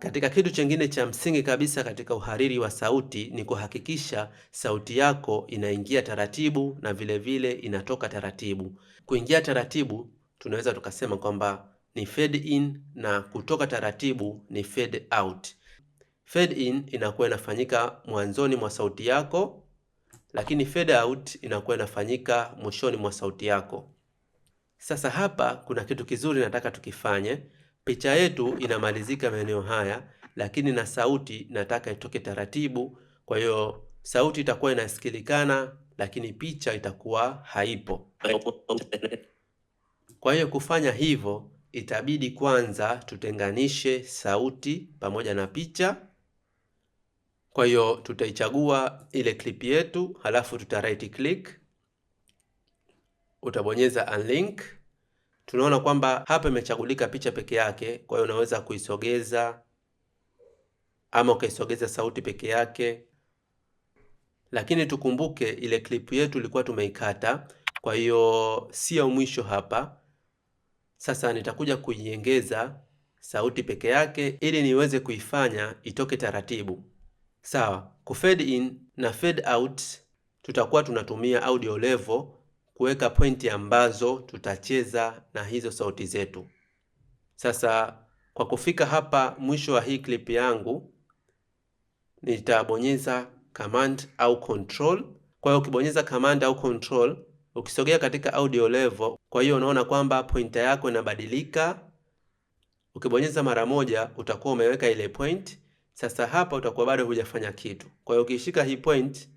Katika kitu chingine cha msingi kabisa katika uhariri wa sauti ni kuhakikisha sauti yako inaingia taratibu na vilevile vile inatoka taratibu. Kuingia taratibu tunaweza tukasema kwamba ni fade in na kutoka taratibu ni fade out. Fade in inakuwa inafanyika mwanzoni mwa sauti yako, lakini fade out inakuwa inafanyika mwishoni mwa sauti yako. Sasa hapa kuna kitu kizuri nataka tukifanye picha yetu inamalizika maeneo haya, lakini na sauti nataka itoke taratibu. Kwa hiyo sauti itakuwa inasikilikana, lakini picha itakuwa haipo. Kwa hiyo kufanya hivyo, itabidi kwanza tutenganishe sauti pamoja na picha. Kwa hiyo tutaichagua ile clip yetu, halafu tuta right click, utabonyeza unlink tunaona kwamba hapa imechagulika picha peke yake. Kwa hiyo unaweza kuisogeza ama ukaisogeza sauti peke yake, lakini tukumbuke ile clip yetu ilikuwa tumeikata, kwa hiyo si ya mwisho hapa. Sasa nitakuja kuiongeza sauti peke yake ili niweze kuifanya itoke taratibu. Sawa, fade in na fade out tutakuwa tunatumia audio level kuweka pointi ambazo tutacheza na hizo sauti zetu. Sasa kwa kufika hapa mwisho wa hii clip yangu, nitabonyeza command au control. Kwa hiyo ukibonyeza command au control, ukisogea katika audio level, kwa hiyo unaona kwamba pointer yako inabadilika. Ukibonyeza mara moja utakuwa umeweka ile point. Sasa hapa utakuwa bado hujafanya kitu. Kwa hiyo ukishika hii point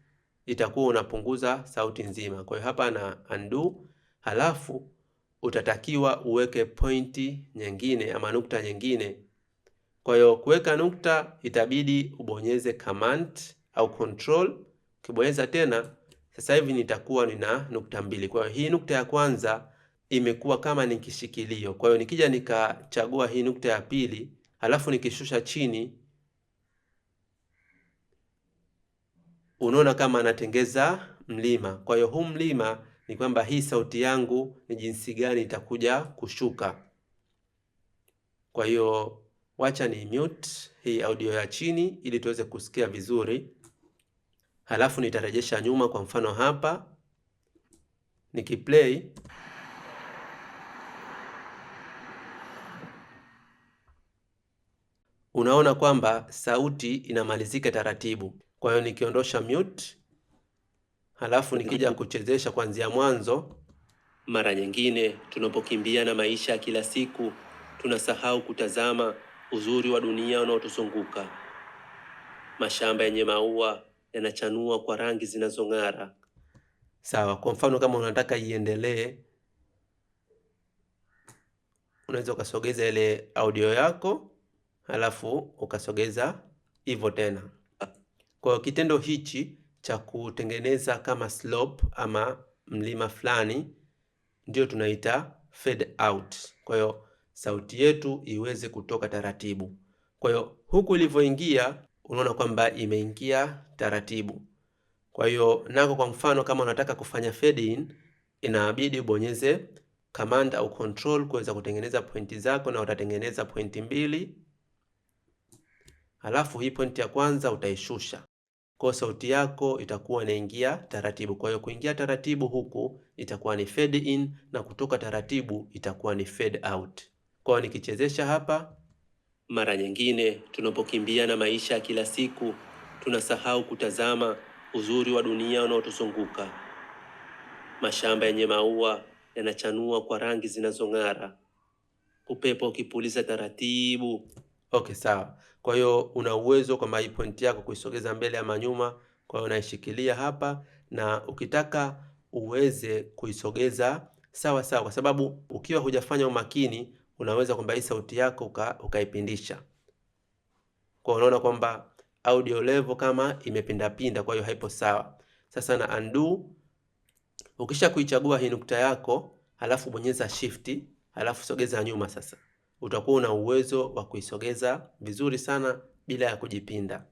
itakuwa unapunguza sauti nzima. Kwa hiyo hapa na undo, halafu utatakiwa uweke pointi nyingine ama nukta nyingine. Kwa hiyo kuweka nukta itabidi ubonyeze command au control. Ukibonyeza tena, sasa hivi nitakuwa nina nukta mbili. Kwa hiyo hii nukta ya kwanza imekuwa kama ni kishikilio. Kwa hiyo nikija nikachagua hii nukta ya pili halafu nikishusha chini unaona kama anatengeza mlima. Kwa hiyo huu mlima ni kwamba hii sauti yangu ni jinsi gani itakuja kushuka. Kwa hiyo wacha ni mute hii audio ya chini ili tuweze kusikia vizuri, halafu nitarejesha nyuma. Kwa mfano hapa nikiplay unaona kwamba sauti inamalizika taratibu. Kwa hiyo nikiondosha mute, halafu nikija kuchezesha kuanzia mwanzo. Mara nyingine tunapokimbia na maisha ya kila siku, tunasahau kutazama uzuri wa dunia unaotuzunguka. Mashamba yenye maua yanachanua kwa rangi zinazong'ara. Sawa, kwa mfano kama unataka iendelee, unaweza ukasogeza ile audio yako, halafu ukasogeza hivyo tena. Kwa kitendo hichi cha kutengeneza kama slope ama mlima fulani ndio tunaita fade out. Kwa hiyo sauti yetu iweze kutoka taratibu. Kwa hiyo huku ilivyoingia, unaona kwamba imeingia taratibu. Kwa hiyo nako, kwa mfano, kama unataka kufanya fade in, inabidi ubonyeze command au control kuweza kutengeneza pointi zako, na utatengeneza pointi mbili, halafu hii pointi ya kwanza utaishusha kwa sauti yako itakuwa inaingia taratibu. Kwa hiyo kuingia taratibu huku itakuwa ni fade in na kutoka taratibu itakuwa ni fade out. Kwa hiyo nikichezesha hapa, mara nyingine tunapokimbia na maisha ya kila siku tunasahau kutazama uzuri wa dunia unaotuzunguka. Mashamba yenye maua yanachanua kwa rangi zinazong'ara, upepo ukipuliza taratibu Okay, sawa. Kwa hiyo una uwezo kwamba hii point yako kuisogeza mbele ama nyuma, kwa hiyo unaishikilia hapa, na ukitaka uweze kuisogeza sawa sawa, kwa sababu ukiwa hujafanya umakini, unaweza kwamba hii sauti yako uka, ukaipindisha. Kwa unaona kwamba audio level kama imepindapinda, kwa hiyo haipo sawa. Sasa na undo, ukisha kuichagua hii nukta yako, halafu bonyeza shift, halafu sogeza nyuma sasa utakuwa una uwezo wa kuisogeza vizuri sana bila ya kujipinda.